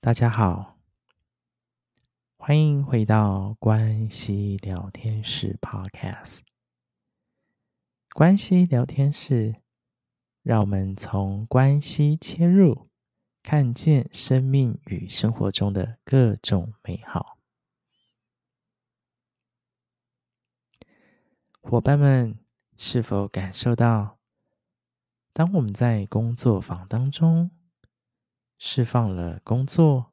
大家好，歡迎回到關係聊天室 Podcast。關係聊天室，讓我們從關係切入，看見生命與生活中的各種美好。夥伴們，是否感受到，當我們在工作坊當中，釋放了工作、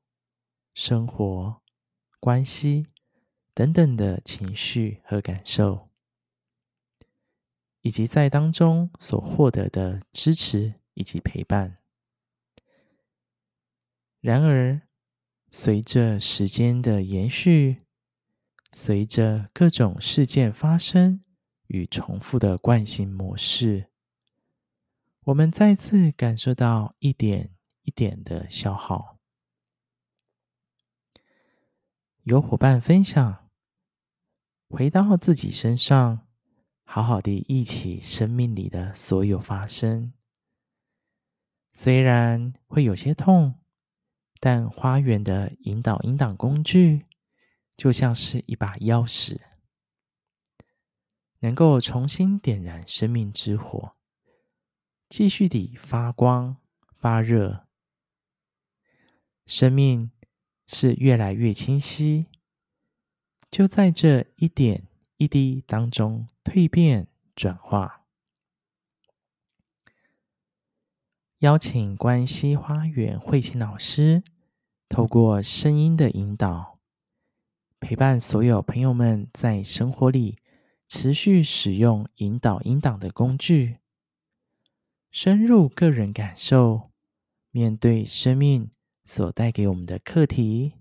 生活、關係等等的情緒和感受，以及在當中所獲得的支持以及陪伴。然而，隨着時間的延續，隨着各種事件發生與重複的慣性模式，我們再次感受到一點。一點的消耗，有夥伴分享，回到自己身上，好好的憶起生命裡的所有發生。雖然會有些痛，但花園的引導引導工具，就像是一把鑰匙，能夠重新點燃生命之火，繼續地發光發熱。生命是越來越清晰，就在這一點一滴當中蛻變轉化。邀請關係花園慧卿老師，透過聲音的引導，陪伴所有朋友們在生活裡持續使用引導引導的工具，深入個人感受，面對生命。所帶給我們的課題，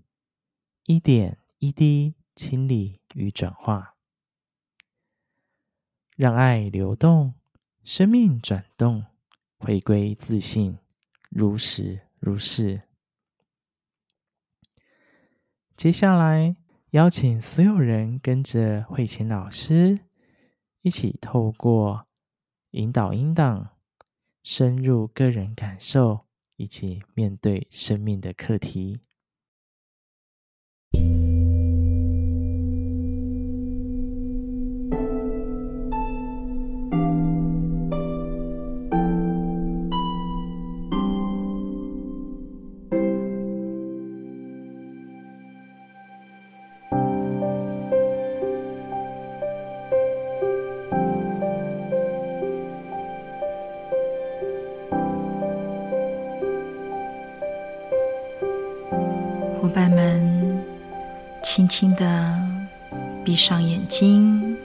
一點一滴清理與轉化，讓愛流動，生命轉動，回歸自性，如實如是。接下來，邀請所有人跟着慧卿老師一起透過引導音檔，深入個人感受。以及面對生命的課題。閉上眼睛，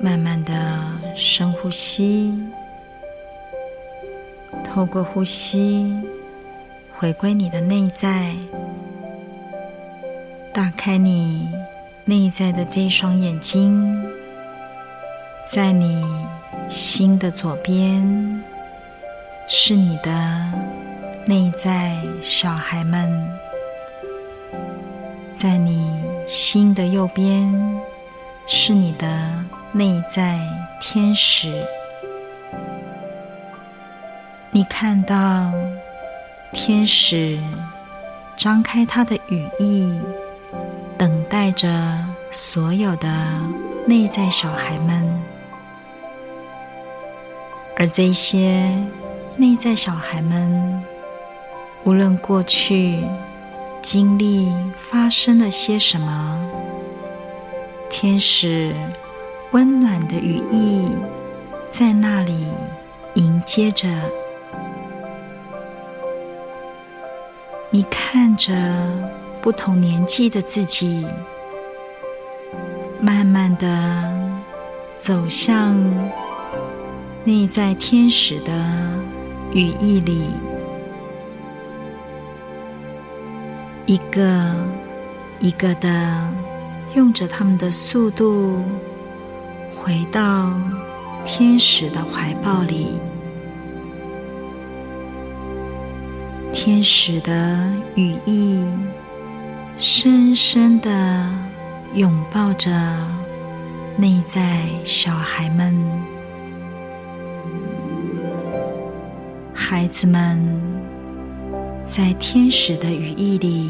慢慢的深呼吸，透過呼吸回歸你的內在，打開你內在的這一雙眼睛，在你心的左邊，是你的內在小孩們，在你心的右邊是你的內在天使，你看到天使張開它的羽翼，等待着所有的內在小孩們，而這些內在小孩們，無論過去。經歷發生了些什麼？天使溫暖的羽翼在那裡迎接着你，看着不同年紀的自己，慢慢的走向內在天使的羽翼裡。一個一個的，用着他們的速度，回到天使的懷抱裡。天使的羽翼，深深的擁抱着內在小孩們，孩子們。在天使的羽翼裡，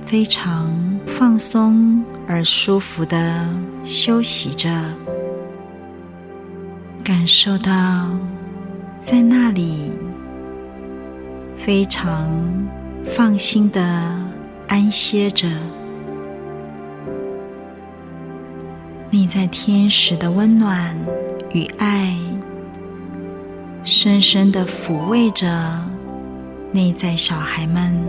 非常放鬆而舒服的休息着，感受到在那裡非常放心的安歇着，內在天使的溫暖與愛，深深的撫慰着。內在小孩們，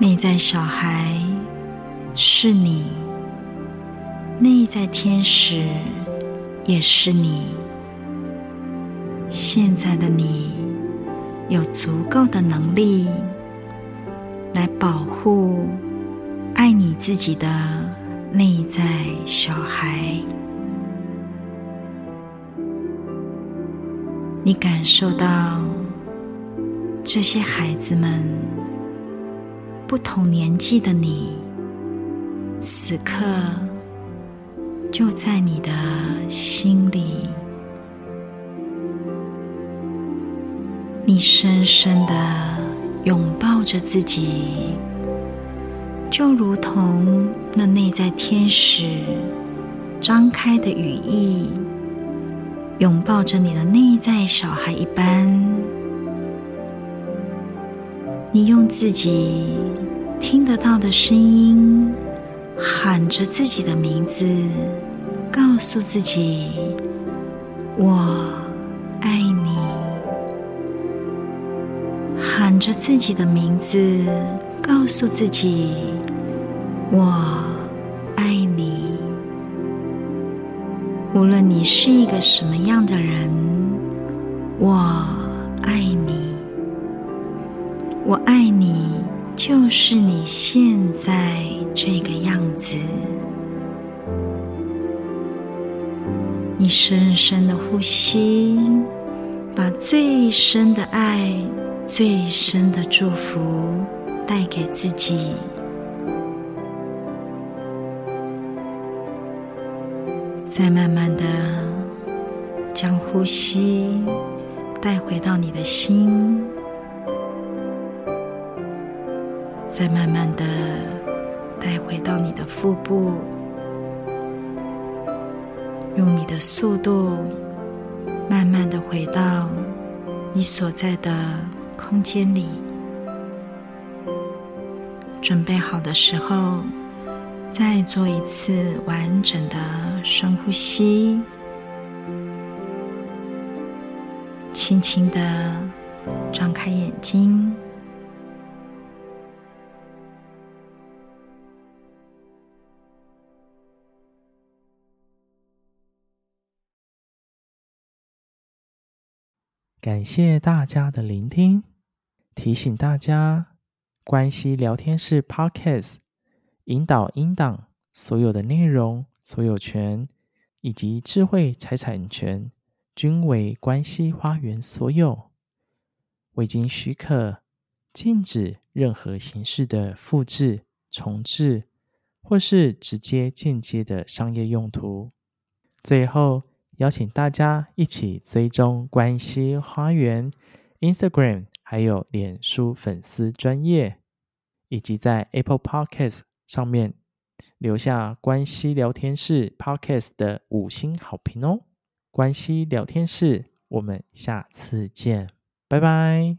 內在小孩是你，內在天使也是你。現在的你有足夠的能力來保護愛你自己的內在小孩。你感受到這些孩子們不同年紀的你，此刻就在你的心裡。你深深的擁抱着自己，就如同那內在天使張開的羽翼，擁抱着你的內在小孩一般，你用自己聽得到的聲音喊着自己的名字，告訴自己：“我愛你。”喊着自己的名字，告訴自己：“我。”無論你是一個什麼樣的人，我愛你，我愛你就是你現在這個樣子。你深深的呼吸，把最深的愛、最深的祝福帶給自己。再慢慢的將呼吸帶回到你的心，再慢慢的帶回到你的腹部，用你的速度慢慢的回到你所在的空間裡。準備好的時候，再做一次完整的。呼吸，輕輕的張開眼睛。感謝大家的聆聽，提醒大家，關係聊天室 Podcast 引導音檔，所有的內容所有權，以及智慧財產權均為關係花園所有，未經許可，禁止任何形式的複製、重製或是直接間接的商業用途。最後，邀請大家一起追蹤關係花園 Instagram，還有臉書粉絲專頁，以及在 Apple Podcasts 上面。留下關係聊天室 Podcast 的五星好評哦！關係聊天室，我們下次見，拜拜。